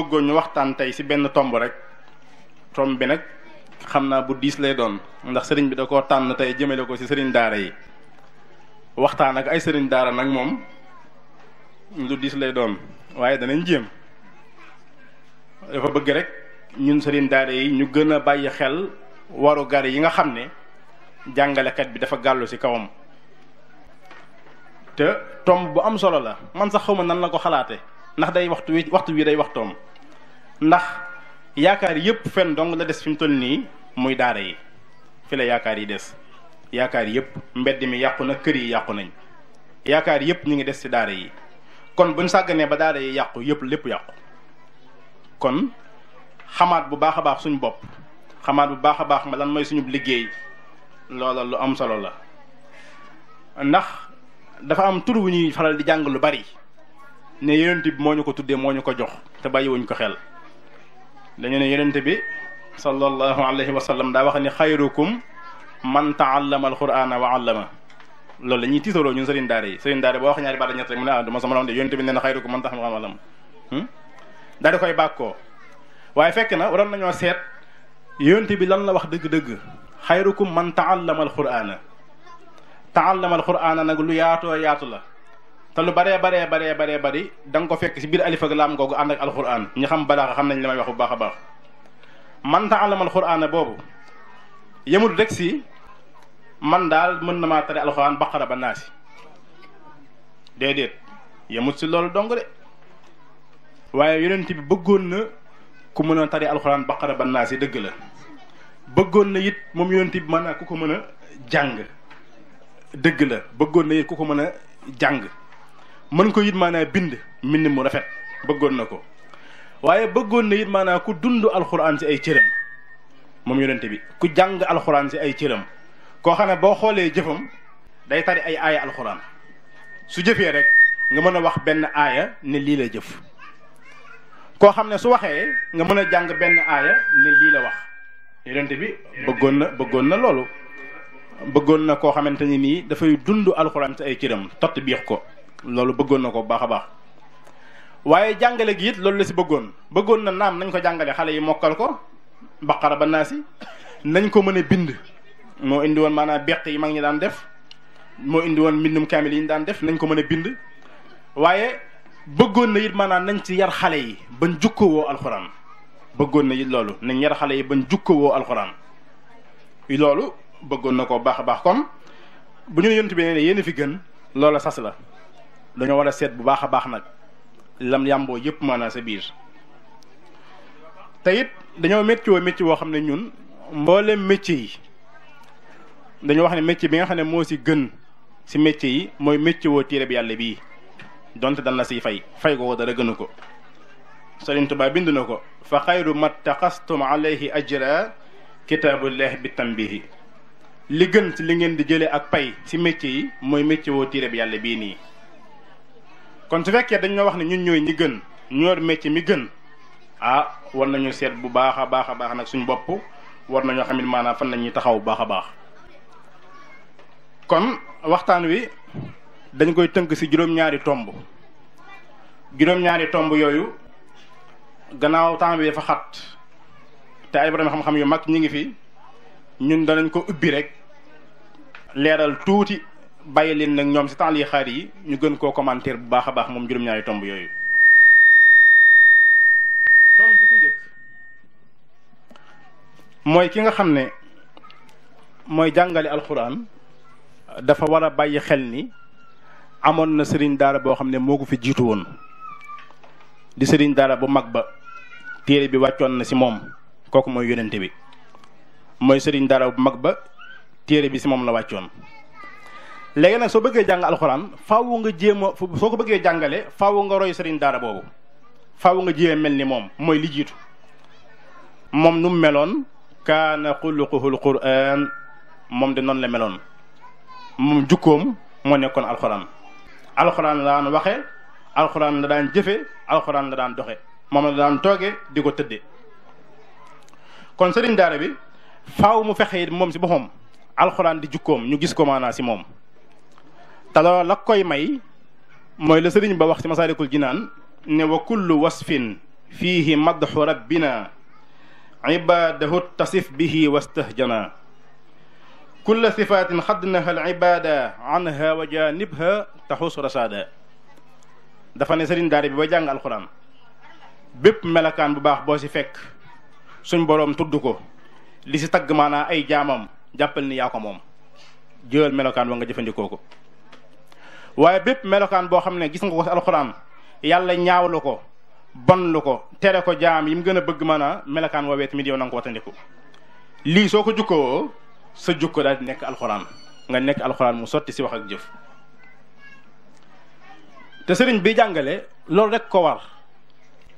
bëggoon ñu waxtaan tey ci benn tomb rek tomb bi nag xam naa bu diis lay doon ndax sëriñ bi da koo tànn tey jëmale ko ci sëriñ daara yi waxtaan ak ay sëriñ daara nag moom lu diis lay doon waaye danañ jéem dafa bëgg rek ñun sëriñ daara yi ñu gën a bàyyi xel waru gar yi nga xam ne jàngalekat bi dafa gàllu ci kawam te tomb bu am solo la man sax xaw ma nan la ko xalaate ndax day waxtu wi waxtu wi day waxtoom ndax yaakaar yëpp fenn dong la des fi mu toll nii muy daara yi fi la yaakaar yi des yaakaar yëpp mbedd mi yàqu na kër yi yàqu nañ yaakaar yëpp ñu ngi des ci daara yi kon buñ sàgganee ba daara yi yàqu yëpp lépp yàqu kon xamaat bu baax a baax suñ bopp xamaat bu baax a baax ma lan mooy suñu liggéey loola lu am solo la ndax dafa am tur wu ñuy faral di jàng lu bari ne yonent bi moo ñu ko tuddee moo ñu ko jox te bàyyiwuñ ko xel dañu ne yonent bi sallallahu alayhi wa sallam daa wax ni xayrukum man taallama alqurana wa allama loolu la ñuy tiitaroo ñun sëriñ daara yi sëriñ daara boo wax ñaari baat ñett rek mu ne ah du ma sama de yonent bi nee na xayrukum man taallama wa allama hmm? daal di koy bàkkoo waaye fekk na waroon nañoo seet yonent bi lan la wax dëgg-dëgg xayrukum man taallama alqurana taallama alqurana nag lu yaatoo yaatu la te lu baree baree baree baree bari da nga ko fekk si biir alif ak laam googu ànd ak alxuraan ñi xam balaaxa xam nañ li may wax bu baax a baax man taalamal alxuraan boobu yemul rek si man daal mën na maa tare alxuraan baqara ba naa si déedéet yemut si loolu dong waaye yonent bi bëggoon ku mën a tari alxuraan baqara si dëgg la bëggoon na it moom yonent bi mën a ku ko mën a jàng dëgg la bëggoon na it ku ko mën a jàng mën ko it maanaa bind mbind mu rafet bëggoon na ko waaye bëggoon na it maanaa ku dund alxuraan si ay cëram moom yonente bi ku jàng alxuraan si ay cëram koo xam ne boo xoolee jëfam day tari ay aaya alxuraan su jëfee rek nga mën a wax benn aaya ne lii la jëf koo xam ne su waxee nga mën a jàng benn aaya ne lii la wax yonente bi bëggoon na bëggoon na loolu bëggoon na koo xamante ni nii dafay dund alxuraan si ay cëram tott biix ko loolu bëggoon na ko baax a baax waaye jàngale gi it loolu la si bëggoon bëggoon na naam nañ ko jàngale xale yi mokkal ko baqara ba naa si nañ ko mën a bind moo indi woon maanaam beq yi mag ñi daan def moo indi woon mbindum kaamil yi ñu daan def nañ ko mën a bind waaye bëggoon na it manaa nañ ci yar xale yi ba jukkowoo alxuraan bëggoon na it loolu nañ yar xale yi bañ jukkowoo alxuraan loolu bëggoon na ko baax a baax comme bu ñu yontu bi ne yéen fi gën loola sas la dañoo war a seet bu baax a baax nag lam yàmboo yëpp maanaam sa biir te it dañoo métti woo métti woo xam ne ñun mboolem métier yi dañoo wax ne métier bi nga xam ne moo si gën si métier yi mooy métier woo téere bi yàlla bii donte dana la siy fay fay ko dara gënu ko Sëriñ Tuubaa bind na ko fa xayru ma taqastum alayhi ajra leex bi tambihi li gën si li ngeen di jëlee ak pay si métier yi mooy métier woo téere bi yàlla bii nii kon su fekkee dañ ñoo wax ne ñun ñooy ñi gën ñoor métier mi gën ah war nañu seet bu baax a baax a baax nag suñ bopp war nañoo xamit maanaam fan la ñuy taxaw bu baax a baax kon waxtaan wi dañ koy tënk ci juróom-ñaari tomb juróom-ñaari tomb yooyu gannaaw temps bi dafa xat te ay borom xam-xam yu mag ñi ngi fi ñun danañ ko ubbi rek leeral tuuti bàyyi leen nag ñoom si temps yi xaar yi ñu gën koo komanteer bu baaxa baax moom juróom-ñaari tomb yooyu. mooy ki nga xam ne mooy jàngale alxuraan dafa war a bàyyi xel ni amoon na sëriñ daara boo xam ne moo ko fi jiitu woon di sëriñ daara bu mag ba téere bi wàccoon na si moom kooku mooy yonente bi mooy sëriñ daara bu mag ba téere bi si moom la wàccoon. léegi nag soo bëggee jàng alxuraan faaw nga jéem a soo ko bëggee jàngale faaw nga roy sëriñ daara boobu faaw nga jéem mel ni moom mooy li jiitu moom nu mu meloon kaana xuluquhul quraan moom de noonu la meloon moom jukkoom moo nekkoon alxuraan alxuraan la daan waxe alxuraan la daan jëfe alxuraan la daan doxe moom la daan tooge di ko tëdde kon sëriñ daara bi faaw mu fexe it moom si boppam alxuraan di jukkoom ñu gis ko maanaa si moom te la koy may mooy la sëriñ ba wax ci masaalikul jinaan ne wa kullu wasfin fiihi madxu rabbina ibaadahu tasif bihi wastahjana kulla sifaatin xadnaha al ibaada anha wa bi ba bépp melakaan bu baax boo si fekk suñ boroom tudd ko li si tagg maanaa ay jaamam jàppal ni melokaan wa nga jëfandikoo ko waaye bépp melokaan boo xam ne gis nga ko si alxuraan yàlla ñaawlu ko bon lu ko tere ko jaam yi mu gën a bëgg ma a melokaan woowee tamit yow na nga ko watandiku lii soo ko jukkoo sa jukko daal di nekk alxuraan nga nekk alxuraan mu sotti si wax ak jëf te sëriñ bi jàngale loolu rek ko war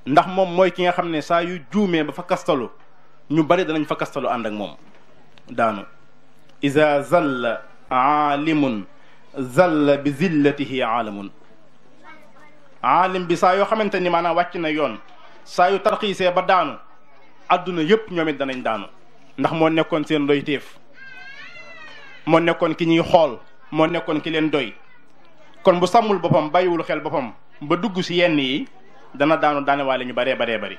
ndax moom mooy ki nga xam ne saa yu juumee ba fa kastalu ñu bari danañ fa kastalu ànd ak moom daanu iza zalla aalimun zalla bi zillatihi aalamun aalim bi saa yoo xamante ni maanaam wàcc na yoon saa yu tarxiisee ba daanu àdduna yëpp ñoom danañ daanu ndax moo nekkoon seen doy téef moo nekkoon ki ñuy xool moo nekkoon ki leen doy kon bu sàmmul boppam bàyyiwul xel boppam ba dugg ci yenn yi dana daanu daanewaale ñu baree baree bari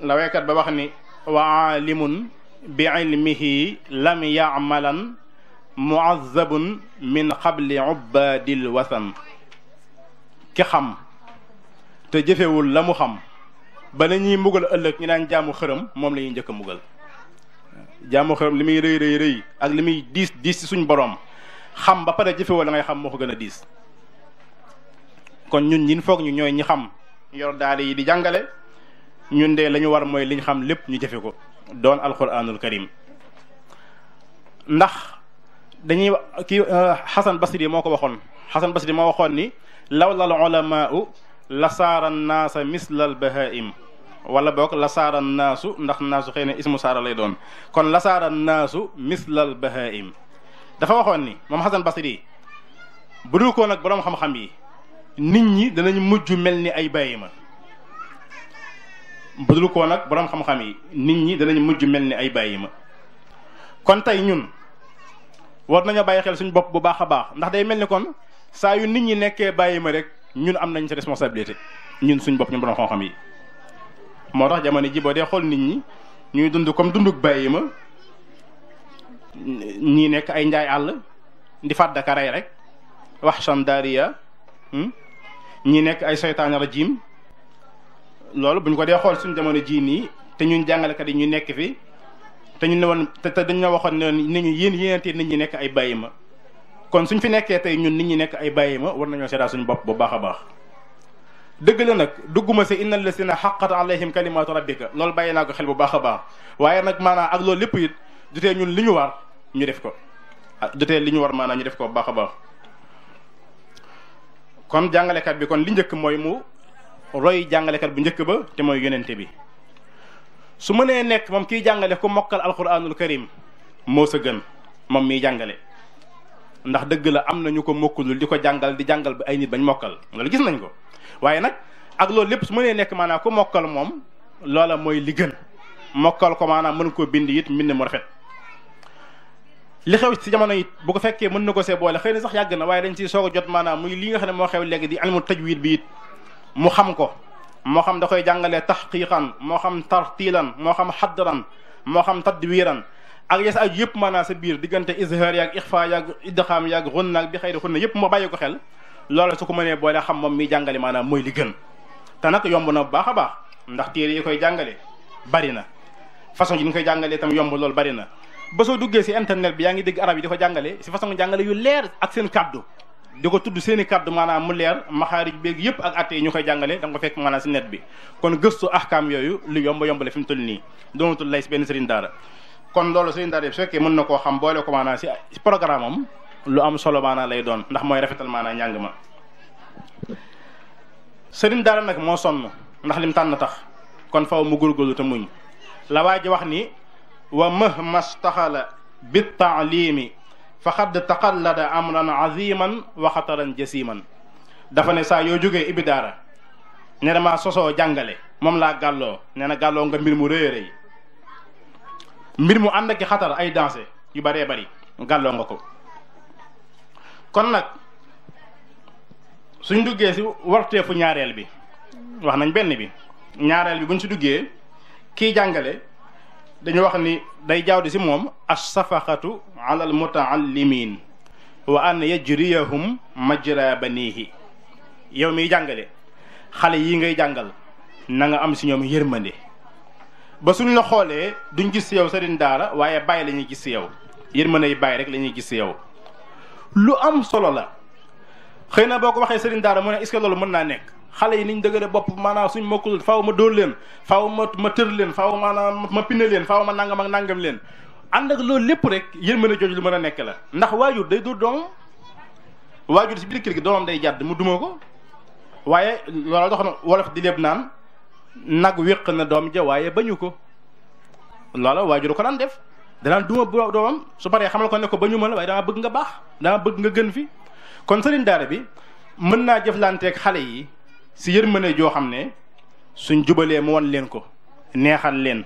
la waykat ba wax ni wa aalimun bi ilmihi lam yamalan muazzabun min xabli ubbaadil wasan ki xam te jëfewul la mu xam ba na ñuy mbugal ëllëg ñu naan jaamu xërëm moom la ñuy njëkk a mbugal jaamu xërëm li muy rëy rëy rëy ak li muy diis diis ci suñ boroom xam ba pare jëfewul la ngay xam moo ko gën a diis kon ñun ñin foog ñu ñooy ñi xam yor daara yi di jàngale ñun de lañu war mooy li ñu xam lépp ñu jëfe ko doon alquranul karim ndax dañuy kii euh, xasan basri moo ko waxoon xasan basri moo waxoon ni lawlal ulamaau la saara naasa mislal bahaim wala boog la saara naasu ndax naasu xëy na ismu saara lay doon kon la saara naasu mislal bahaim dafa waxoon ni moom xasan basri bu dul koo nag boroom xam-xam yi nit ñi danañ mujj mel ni ay bàyyima bu dul koo nag boroom xam-xam yi nit ñi danañ mujj mel ni ay bàyyima kon tey ñun war nañoo bàyyi xel suñu bopp bu baax a baax ndax day mel ni kon saa yu nit ñi nekkee bàyyi ma rek ñun am nañ sa responsabilité ñun suñ bopp ñu borom xam-xam moo tax jamono ji boo dee xool nit ñi ñuy dund comme dunduk bàyyi ma ñii nekk ay njaay àll di fàdd ka rey rek wax sandaria hmm, ñii nekk ay seytaane rajim loolu bu ko dee xool suñ jamono jii nii te ñun jàngalekat yi ñu nekk fi. te ñu ne woon te dañ la waxoon ne nit ñi yéen yéenante nit ñi nekk ay bàyyi ma kon suñ fi nekkee tey ñun nit ñi nekk ay bàyyi ma war nañoo seedaa suñu bopp bu baax a baax dëgg la nag dugguma si innal lazina xaqat alayhim kalimatu rabbika loolu bàyyi naa ko xel bu baax a baax waaye nag maanaam ak loolu lépp it jotee ñun li ñu war ñu def ko jotee ah, li ñu war maanaam ñu def ko bu baax a baax kon jàngalekat bi kon li njëkk mooy mu roy jàngalekat bu njëkk ba te mooy yonente bi su mënee nekk moom kiy jàngale ku mokkal alquranul karim moo sa gën moom miy jàngale ndax dëgg la am na ñu ko mokkulul di ko jàngal di jàngal ba ay nit bañ mokkal loolu gis nañ ko waaye nag ak loolu lépp su mënee nekk maanaam ku mokkal moom loola mooy li gën mokkal ko maanaam mën koo bind it mbind mu rafet li xew ci jamono it bu ko fekkee mën na ko see boole xëy na sax yàgg na waaye dañ ciy soog a jot maanaam muy li nga xam ne moo xew léegi di almu tajwid bi it mu xam ko moo xam da koy jàngalee taxqiqan moo xam tartilan moo xam xadran moo xam tadwiran ak yes ak yëpp maanaam sa biir diggante izhar yaag ixfa yaag idxaam yaag xunna ak bi yëpp moo bàyyi ko xel loolu ko mënee boole xam moom miy jàngale maanaam mooy li gën te yomb na bu baax a baax ndax téere yi koy jàngale bari na façon yi ñu koy jàngalee itam yomb loolu bari na ba soo duggee si internet bi yaa ngi dégg arab yi di ko jàngale si façon jàngale yu leer ak seen kàddu di ko tudd seen i kàddu maanaam mu leer maxaarij beeg yëpp ak atte yi ñu koy jàngale da nga ko fekk maanaam si net bi kon gëstu ahkaam yooyu lu yomb yomb la fi mu toll nii doonatul lay si benn sëriñ daara kon loolu sëriñ daara bi su mën na koo xam boole ko maanaam si lu am solo maanaam lay doon ndax mooy rafetal maanaam njàng ma sëriñ daara nag moo sonn ndax lim tànn tax kon faw mu góorgóorlu te muñ la waa ji wax ni wa mahmastaxala bi mi faqad taqallada amran aziman wa xataran jasiman dafa ne saa yoo jógee ibi daara ne dama sosoo jàngale moom laa gàlloo nee na gàlloo nga mbir mu rëy rëy mbir mu ànd ak xatar ay dansé yu bare bari gàlloo nga ko kon nag suñ duggee si warteefu ñaareel bi wax nañ benn bi ñaareel bi buñ si duggee kii jàngale dañu wax ni day jaawdi si moom a safaxatu assafaxatu ala almutaallimin wa an yajriyahum majra banihi yow miy jàngale xale yi ngay jàngal na nga am si ñoom yërmande ba suñu la xoolee duñ gis si yow sëriñ daara waaye bàyyi la ñuy gis si yow yërmande yi bàyyi rek lañuy gis si yow lu am solo la xëy na boo ko waxee sëriñ daara mu ne est loolu mën naa nekk xale yi niñ dëgëre bopp maanaam suñ mokkul faw ma dóor leen faaw ma ma tër leen faaw maanaam ma leen faaw ma nangam ak nangam leen ànd loolu lépp rek mën a jooju lu mën a nekk la ndax waajur day dóor doomam waajur si biir kër day jàdd mu ko waaye loolu dox na wolof di léeb naan nag wéq na doom ja waaye bañu ko loola waajur ko daan def danaa duma doomam su paree xamal ko ne ko bañu ma la waaye dama bëgg nga baax dama bëgg nga gën fi kon sëriñ daara bi mën naa jëflanteeg xale yi si yërmande joo xam ne suñ jubalee mu wan leen ko neexal leen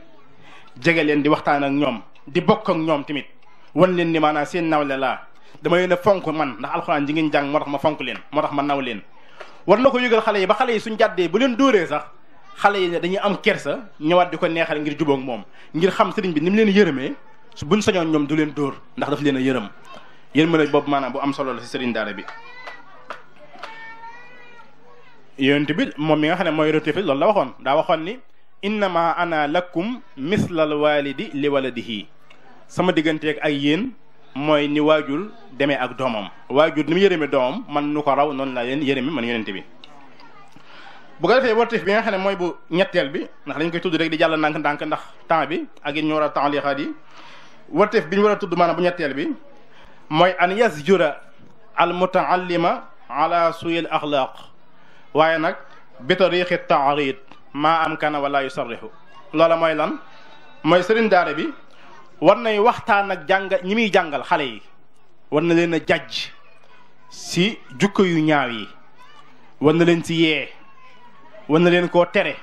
jege leen di waxtaan ak ñoom di bokk ak ñoom tamit wan leen ni maanaam seen nawle laa dama leen a fonk man ndax alxuraan ji ngeen jàng moo tax ma fonk leen moo tax ma naw leen war na ko yëgal xale yi ba xale yi suñ jàddee bu leen dóoree sax xale yi dañuy am kersa ñëwaat di ko neexal ngir jubóog moom ngir xam sëriñ bi ni leen yërëmee su buñ sañoon ñoom du leen dóor ndax daf leen a yërëm yërmande boobu maanaam bu am solo la si sëriñ daara bi yonent bi moom mi nga xam ne mooy roté fi loolu la waxoon daa waxoon ni innama ana lakum mislal walidi li waladihi sama digganteeg ak yéen mooy ni waajur demee ak doomam waajur ni mu yërëme doomam man nu ko raw noonu laa leen yërëme man yonent bi bu ko defee wartif bi nga xam ne mooy bu ñetteel bi ndax dañ koy tudd rek di jàll ndànk-ndànk ndax temps bi ak it ñu war a temps liixaat yi wartif bi ñu war a tudd maanaam bu ñetteel bi mooy an yasjura al mutaallima ala suyil axlaq waaye nag bi tariqi taarid maa am kana wala yusarrihu loola mooy lan mooy sëriñ daara bi war nay waxtaan ak jàng ñi muy jàngal xale yi war na leen a jàjj si jukko yu ñaaw yi war na leen si yee war na leen koo tere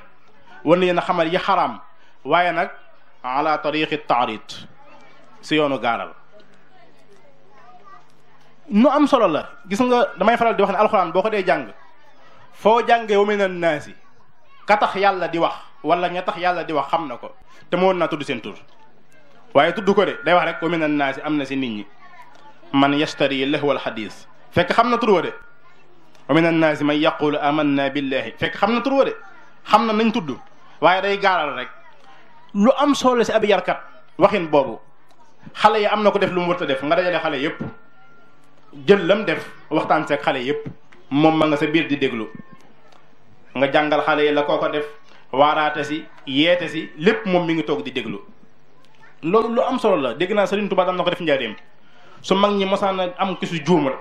war na leen a xamal yi xaraam waaye nag ala tariqi taarid si yoonu gaaral nu am solo la gis nga damay faral di wax ne alxuraan boo ko dee jàng foo jàngee wa minan naasi ka yàlla di wax wala ña yàlla di wax xam na ko te moon naa tudd seen tur waaye tudd ko de day wax rek wa minan naasi am na si nit ñi man yashtari lahwal xadiis fekk xam na tur wa de wa minan naasi man yaqulu amanna billahi fekk xam na tur wa de xam na nañ tudd waaye day gaaral rek lu am solo si ab yarkat waxin boobu xale yi am na ko def lu mu wërta def nga dajale xale yëpp jël lam def waxtaan seeg xale yëpp moom ma nga sa biir di déglu nga jàngal xale yi la koo ko def waaraate si yeete si lépp moom mu ngi toog di déglu loolu lu am solo la dégg naa Serigne Touba daan na ko def njaareem su mag ñi mosaan a am ki su juuma rek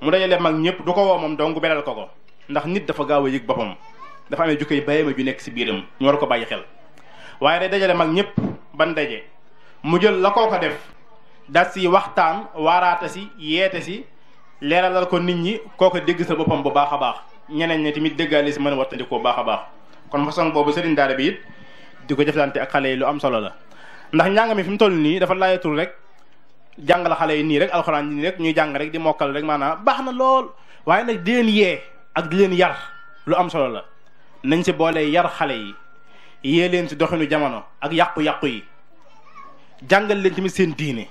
mu dajale mag ñëpp du ko woo moom dong beral ko ko ndax nit dafa gaaw a yëg boppam dafa amee jukkay bàyyima ju nekk si biiram ñu war ko bàyyi xel waaye day dajale mag ñépp ban daje mu jël la koo ko def da si waxtaan waaraate si yeete si leeral leeralal ko nit ñi kooku dégg sa boppam bu baax a baax ñeneen ñi tamit déggaale si mën a wattandikoo baax a baax kon façon boobu sëriñ daara bi it di ko jëflante ak xale yi lu am solo la ndax njàng mi fi mu toll nii dafa laajatul rek jàngal xale yi nii rek alxuraan nii rek ñuy jàng rek di mokkal rek maanaam baax na lool waaye nag di leen yee ak di leen yar lu am solo la nañ si boole yar xale yi yee leen si doxinu jamono ak yàqu-yàqu yi jàngal leen tamit seen diine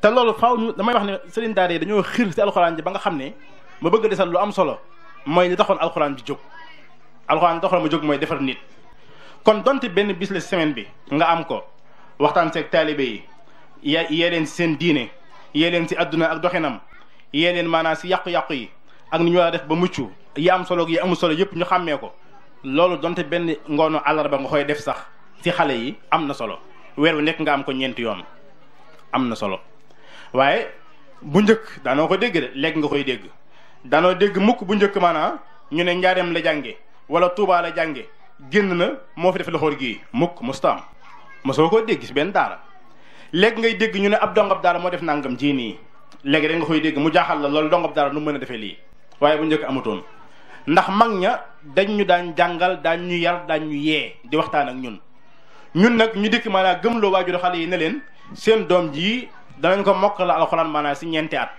te loolu faaw ñu damay wax ne sëriñ daara yi dañoo xiir si alxuraan ji ba nga xam ne ma bëgg a desal lu am solo mooy li taxoon alxuraan bi jóg alxuraan li taxoon ma jóg mooy defar nit kon donte benn bis semaine bi nga am ko waxtaan seek taalibe yi yee yee leen seen diine yee leen si àdduna ak doxinam yee leen maanaam si yàqu-yàqu yi ak ni ñu war def ba mucc yi am solo yi amul solo yëpp ñu xàmmee ko loolu donte benn ngoonu àllarba nga koy def sax si xale yi am na solo weer nekk nga am ko ñeenti yoon am na solo waaye bu njëkk daanoo ko dégg de léegi nga koy dégg danoo dégg mukk bu njëkk maanaam ñu ne njaareem la jànge wala Touba la jànge génn na moo fi def loxoor gi mukk mustaam mosoo koo dégg ci benn daara léegi ngay dégg ñu ne ab dongab daara moo def nangam ji nii léegi rek nga koy dégg mu jaaxal la loolu dongab daara nu mën a defee lii waaye bu njëkk amutoon ndax mag ña dañ ñu daan jàngal daan ñu yar daan ñu yee di waxtaan ak ñun ñun nag ñu dikk ma gëmloo waajur leen danañ ko mokkal alxuraan maanaam si ñeenti at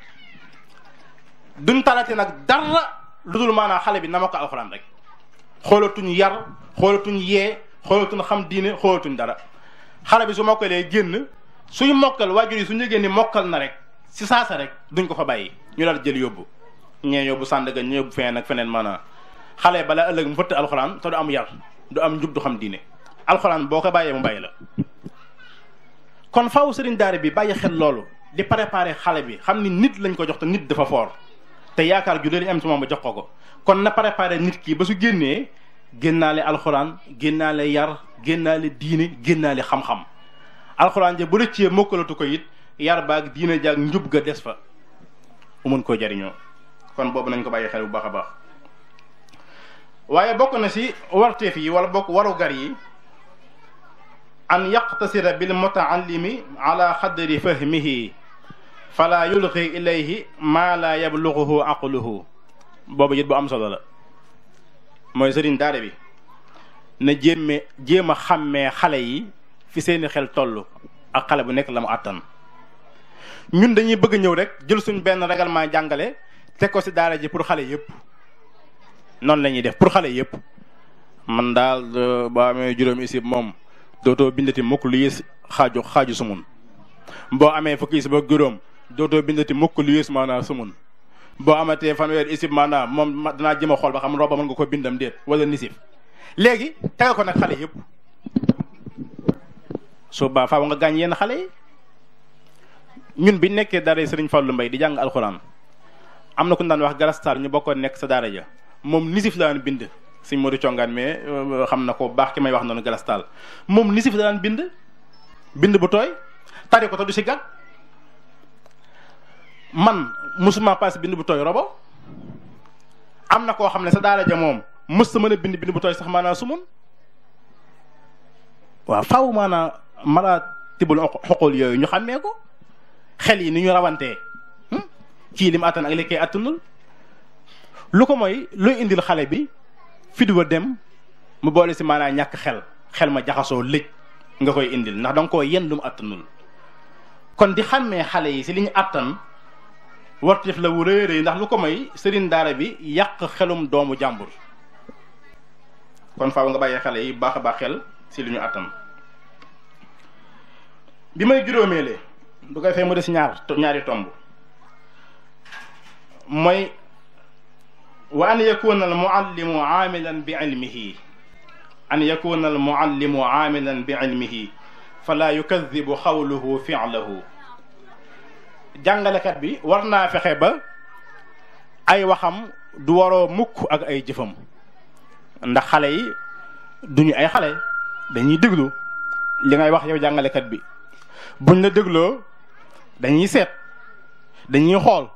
duñ talati nag dara lu dul maanaam xale bi na mokkal alxuraan rek xoolatuñ yar xoolatuñ yee xoolatuñ xam diine xoolatuñ dara xale bi su mokkalee génn suñu mokkal waajur yi suñu yëgee ni mokkal na rek si saasa rek duñ ko fa bàyyi ñu daal jël yóbbu ñee yóbbu Sandaga ñee yóbbu feneen ak feneen maanaam xale balaa ëllëg mu fëtt alxuraan te du am yar du am njub du xam diine alxuraan boo ko bàyyee mu bàyyi la kon faaw sëriñ daara bi bàyyi xel loolu di préparer xale bi xam ni nit lañ ko jox te nit dafa foor te yaakaar ju leen am ci moom ba jox ko ko kon na préparer nit kii ba su génnee génnaale alxuraan génnaale yar génnaale diine génnaale xam-xam alxuraan ja bu rëccee mokkalatu ko yit yar baag diine jaag njub ga des fa mu mën koo jariñoo kon boobu nañ ko bàyyi xel bu baax a baax waaye bokk na si warteef yi wala bokk warugar yi an yaqtasira bil mutaallimi ala xadri fahmihi fala yulqi ilayhi maa laa yabluguhu aqluhu boobu jët bu am solo la mooy sëriñ daara bi na jéeme jéem a xàmmee xale yi fi seeni xel toll ak xale bu nekk la mu àttan ñun dañuy bëgg ñëw rek jël suñ benn règlement jàngale teg ko ci daara ji pour xale yëpp noonu lañuy def pour xale yëpp man daal euh, ba amee juróomi isib moom dootoo bindati mukk lu yées xaaju xaaju sumun boo amee fukki isib ak juróom dootoo bindati mukk lu yées sumun boo amatee fanweer isib maanaam moom danaa jëm a xool ba xam roba mën nga ko bindam déet wala nisif léegi tagal ko nag xale yëpp soo baa faaw nga gaañ yenn xale yi ñun biñ nekkee daara sëriñ Fallou mbay di jàng alxuraan am na ku ñu daan wax garastaar ñu bokkoon nekk sa daara ja moom nisif laan bind suñ Modou Congaan mais euh, xam na ko baax ki may wax noonu galastal moom ni da daan bind bind bu tooy tari ko te du si gàgg man musuma paase bind bu tooy am na koo xam ne sa daara moom mës ta bind bind bu tooy sax maanaa sumun waaw faaw maanaa malaa tibul xoqol yooyu ñu xàmmee ko xel yi ni ñu rawantee hmm? kii lim attan ak li koy attanul lu ko moy looy indil xale bi fit wa dem mu boole si maanaam ñàkk xel xel ma jaxasoo lëj nga koy indil ndax danga koo yen lu àttanul kon di xàmmee xale yi si li ñu àttan wartif la wu rëy rëy ndax lu ko may sëriñ daara bi yàq xelum doomu jàmbur kon faaw nga bàyyee xale yi baax a baax xel si li ñu àttan bi may juróomeele bu koy fee mu des ñaar ñaari tomb mooy wa an yakuna al muallimu aamilan bi ilmihi an yakuna al muallimu aamilan bi ilmihi fala yukadibu xawluhu filahu jàngalekat bi war naa fexe ba ay waxam du waroo mukk ak ay jëfam ndax xale yi duñu ay xale dañuy déglu li ngay wax yow jàngalekat bi buñ la dégloo dañuy seet dañuy xool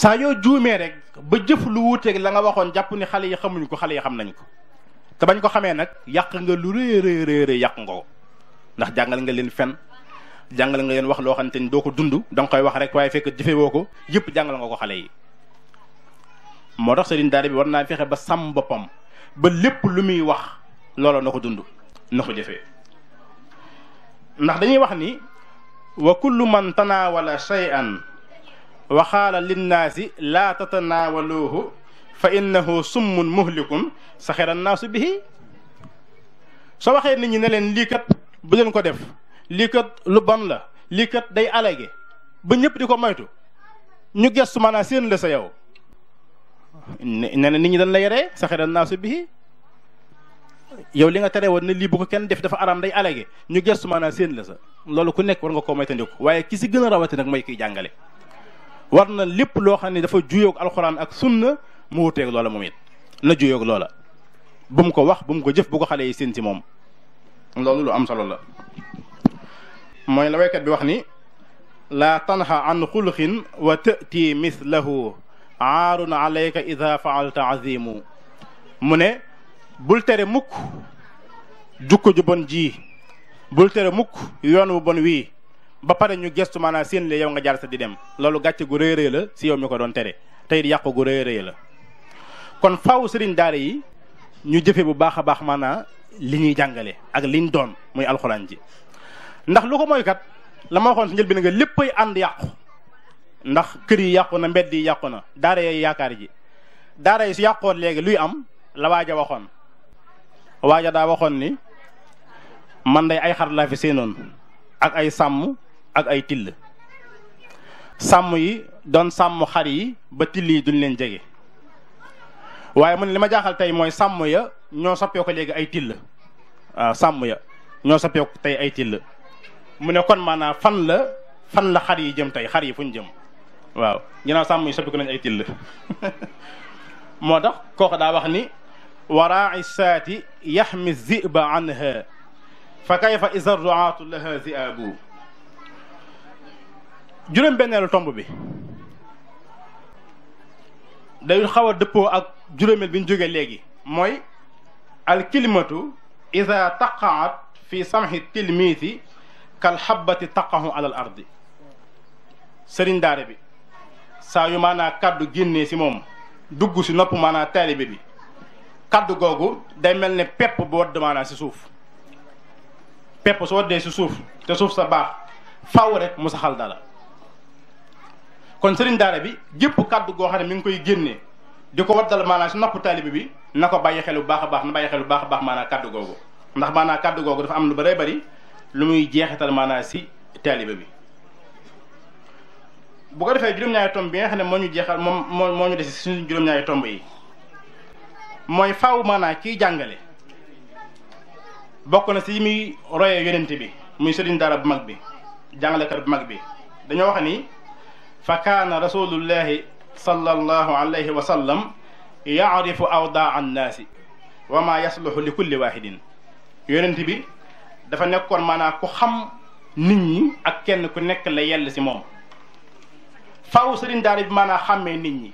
saa yoo juumee rek ba jëf lu wuuteeg la nga waxoon jàpp ni xale yi xamuñu ko xale yi xam nañ ko te bañ ko xamee nag yàq nga lu rëy rëy rëy yàq nga ko ndax jàngal nga leen fen jàngal nga leen wax loo xamante ni doo ko dund danga koy wax rek waaye fekk jëfe woo ko yëpp jàngal nga ko xale yi moo tax sëriñ daara bi war naa fexe ba sàmm boppam ba lépp lu muy wax loola na ko dund na ko jëfee ndax dañuy wax ni wa kullu man tanawala an wa qaala linnaasi laa tatanaawaluuhu fa innahu summun muhlikum saxira annaasu bihi soo waxee nit ñi ne leen lii kat bu leen ko def lii kat lu bon la lii kat day alage ba ñëpp di ko moytu ñu gestu maanaam seen la sa yow ne na nit ñi dañ la yaree saxira annaasu bihi yow li nga tere woon ne lii bu ko kenn def dafa aram day alage ñu gestu maanaam seen la sa loolu ku nekk war nga koo moytandiku waaye ki si gën a rawati nag mooy kiy jàngale war na lépp loo xam ne dafa juyoog alxuraan ak sunna mu wuteeg loola moom it na juyoog loola bu mu ko wax bu mu ko jëf bu ko xale yi seen ci moom loolu lu am solo la mooy la waykat bi wax ni laa tanha an xulqin wa tëti mislahu aarun alayka ida faalta azimu mu ne bul tere mukk jukko ju bon ji bul tere mukk yoon wu bon wii ba pare ñu gestu maanaam seen le yow nga jaar sa di dem loolu gàcce gu rëy rëy la si yow mi ko doon tere tey it yàqu gu rëy rëy la kon faaw sëriñ daara yi ñu jëfe bu baax a baax maanaam li ñuy jàngale ak liñ doon muy alxulaan ji ndax lu ko mooy kat la ma waxoon si njëlbéen nga léppay ànd yàqu ndax kër yi yàqu na mbedd yi yàqu na daara yi yaakaar ji daara yi su yàqoon léegi luy am la waaja waxoon waaja daa waxoon ni man day ay xar laa fi seenoon ak ay sàmm ak ay till sàmm yi doon sàmm xar yi ba till yi duñ leen jege waaye man li ma jaaxal tey mooy sàmm ya ñoo soppee ko léegi ay till waaw sàmm ya ñoo soppeeku tey ay till mu ne kon maanaam fan la fan la xar yi jëm tey xar yi fu ñu jëm waaw ginnaaw sàmm yi soppi ko ay till moo tax kooku daa wax ni waraa'i saati yaxmi ziba anha fa kayfa isa ruaatu laha ziabu juróom-benneelu tomb bi day xaw a dëppoo ak juróomeel biñ jóge léegi mooy alkilimatu ida taqaat fi samxi tilmiisi kal xabbati taqahu alal ardi sëriñ daare bi saa yu maanaa kàddu génnee ci moom dugg ci nopp maanaa taalibe bi kàddu googu day mel ni pepp bu wadd maanaa si suuf pepp su dee ci suuf te suuf sa baax faw rek mu saxal dala kon sëriñ daara bi gépp kàddu goo xam ne mi ngi koy génnee di ko tal maanaam si nopp taalibe bi na ko bàyyi xel bu baax a baax na bàyyi xel bu baax a baax maanaam kàddu googu ndax maanaam kàdd googu dafa am lu bëree bari lu muy jeexital maanaam si taalibe bi bu ko defee juróom-ñaari tomb bi xam ne moo ñu jeexal moom moo ñu dese suñu juróom-ñaari tomb yi mooy faaw maanaam kiy jàngale bokk na si muy royee yonent bi muy sëriñ daara bu mag bi jàngalekat bu mag bi dañoo wax ni fa kaana rasulullahi sallallahu alayhi wa sallam yaarifu awdaa annaasi wa maa yasluxu li kulli waahidin yonent bi dafa nekkoon maanaa ku xam nit ñi ak kenn ku nekk la yell si moom faw sëriñ daara bi maanaa xàmmee nit ñi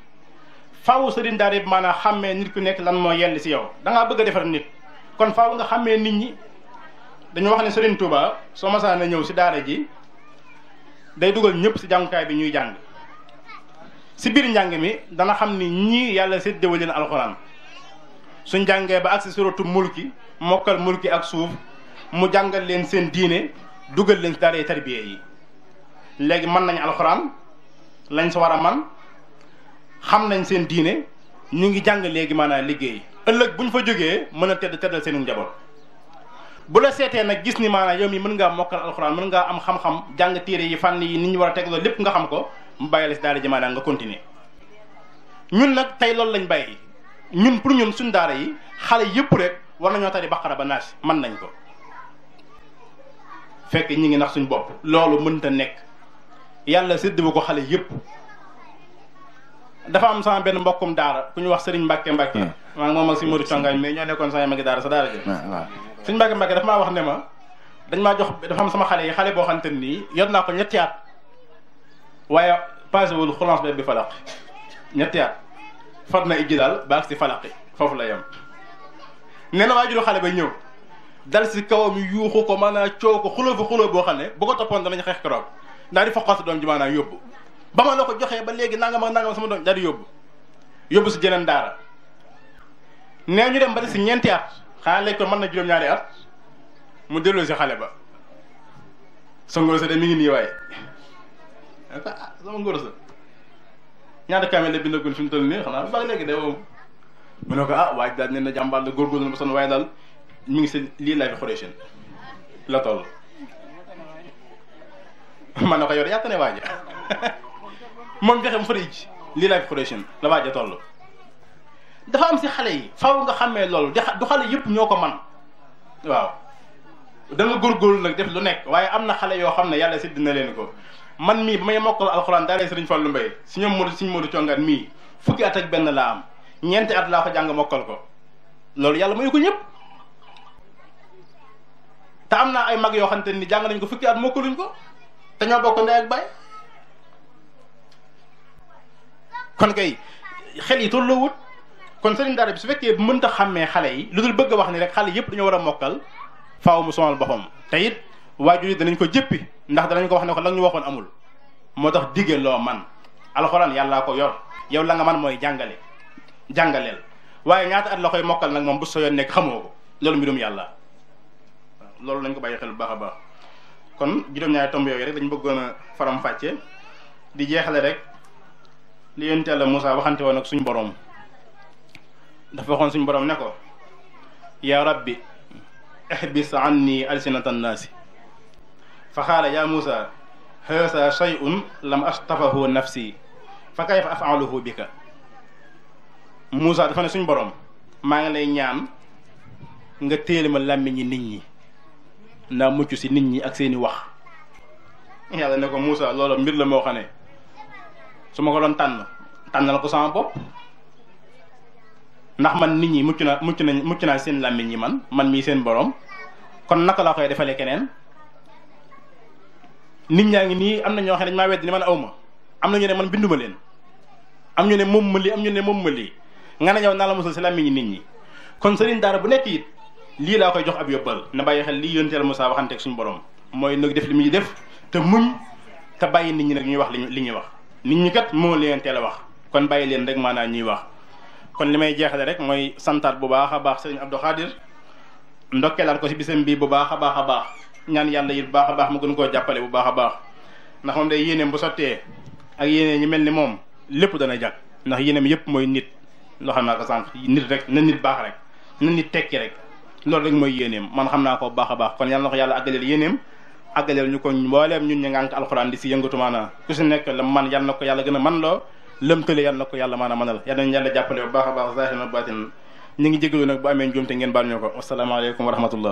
faw sëriñ daara bi maanaa nit ku nekk lan moo yell si yow da bëgg a defar nit kon faw nga xàmmee nit ñi dañu wax ne sëriñ Touba soo masaa na ñëw si daara ji day dugal ñëpp si jàngukaay bi ñuy jàng ci biir njàng mi dana xam ni ñii yàlla séddewu leen alxuraan su njàngee ba agsi suratu mulki mokkal mulki ak suuf mu jàngal leen seen diine dugal leen si daaree yi léegi mën nañ alxuraan lañ sa war a man xam nañ seen diine ñu ngi jàng léegi maanaam liggéey ëllëg bu ñu fa jógee mën a tedd teddal seen njaboot bu la seetee nag gis ni maanaam yow mi mën ngaa mokkal alxuraan mën ngaa am xam-xam jàng téere yi fànn yi ni ñu war a teg loolu lépp nga xam ko mu bàyyi la si daara jamaada nga continuer ñun nag tey loolu lañ bàyyi ñun pour ñun suñ daara yi xale yëpp rek war nañoo tari baqara ba naas mën nañ ko fekk ñi ngi nax suñ bopp loolu mënta nekk yàlla séddiwu ko xale yëpp dafa am sama benn mbokkum daara ku ñu wax sëriñ Mbàkke Mbàkke hmm. maa ngi moom ak si Modou Congaay mais ñoo nekkoon sama magi daara sa a jëf sëriñ Mbàkke Mbàkke dafa maa wax ne ma dañ maa jox dafa am sama xale yi xale boo xamante nii yor naa ko ñetti at waaye pasewul xulance beeg bi falaq ñetti at far na ijji daal ba ak si falaqi foofu la yam nee na waajuru xale ba ñëw dal si kawam yuuxu ko maanaam coow ko xuloo fa xuloo boo xam ne bu ko toppoon danañ xeex keroog daal di foqal sa doom ji maanaam yóbbu ba ma la ko joxee ba léegi nangam ak nangam sama doom daal di yóbbu yóbbu si jeneen daara nee ñu dem ba si ñeenti at xanaa léegi mën na juróom-ñaari at mu delloo si xale ba songoo sa de ngi ne ko ah sama ngóor sa ñaata kaamil la bindagul fi mu toll nii xanaa baax léegi de moom mu ne ko ah waaye daal nee na jàmbaar la góorgóorlu na ba sonn waaye daal mi ngi seen lii laay fi xoree la toll man na ko yor yàtta ne waaja mu farij lii laay fi xoree la waaja toll dafa am si xale yi faw nga xàmmee loolu du xale yëpp ñoo ko man waaw da góor góorgóorlu nag def lu nekk waaye am na xale yoo xam ne yàlla sédd na leen ko man mii ba may mokkal alxuraan daaree sëriñ Fallu Mbay si ñoom Modou si Modou Congaan mii fukki at ak benn laa am ñeenti at laa ko jàng ko loolu yàlla mayu ko ñëpp am naa ay mag yoo xamante ni jàng nañ ko fukki at mokkaluñ ko te ñoo bokk ndey ak baay kon kay xel yi tolloowut kon sëriñ daara bi su fekkee mënta xàmmee xale yi lu dul bëgg a wax ni rek xale yëpp dañoo war a mokkal faaw mu sonal boppam te it waajur yi danañ ko jëppi ndax danañ ko wax ne ko la ñu waxoon amul moo tax digge loo man alxuraan yàllaa ko yor yow la nga man mooy jàngale jàngaleel waaye ñaata at la koy mokkal nag moom bu soo yoon nekk xamoo ko loolu mbirum yàlla loolu lañ ko bàyyi xel bu baax a baax kon juróom-ñaari tomb yooyu rek dañ bëggoon faram fàcce di jeexale rek li yonent Yàlla Moussa waxante woon ak suñu boroom dafa waxoon suñu boroom ne ko yaa ihbis nii alsinata nnaasi fa xaala ya muusa haasa shay'un lam astafahu nafsi fa kayfa af'aluhu bika muusa dafa ne suñ borom maa ngi lay ñaan nga téel ma làmmiñi nit ñi naa mucc si nit ñi ak seeni wax yàlla ne ko muusa loolu mbir la moo xam su ma ko doon tànn tànnal ko sama bopp ndax man nit ñi mucc na mucc nañ mucc naa seen làmmiñ yi man man mii seen borom kon naka laa koy defalee keneen nit ñaa ngi nii am na ñoo xam ne dañ maa wedd ni man aw ma am na ñu ne man binduma leen am ñu ne moom ma lii am ñu ne moom ma nga ne yow naa la musal si làmmiñ yi nit ñi kon sëriñ daara bu nekk it lii laa koy jox ab yóbbal na bàyyi xel lii yónteel Moussa waxanteeg suñu borom mooy nag def li muy def te muñ te bàyyi nit ñi nag ñuy wax li ñuy wax nit ñi kat moo leen teel a wax kon bàyyi leen rek maanaam ñuy wax kon li may jeexale rek mooy santaat bu baax a baax sëriñ Abdou Khadir ndokkeelaat ko ci bisam bii bu baax a baax a baax ñaan yàlla yi bu baax a baax mu gën koo jàppale bu baax a baax ndax moom day yéeneem bu sottee ak yéenee ñi mel ni moom lépp dana jag ndax yéeneem yëpp mooy nit loo xam naa ko sànq nit rek na nit baax rek na nit tekki rek loolu rek mooy yéeneem man xam naa ko baax a baax kon yàlla na ko yàlla àggaleel yéeneem àggaleel ñu ko mbooleem ñun ñu ngànk alxuraan di si yëngatu maanaam ku si nekk yàlla na a man loo lëmtale yal na ko yalla maanaam mënal yal nañu yàlla jàppale bu baax a baax zahir na baatin ñu ngi jégalu nag bu amee njuumte ngeen baal ñu ko wasalaamaaleykum wa rahmatullah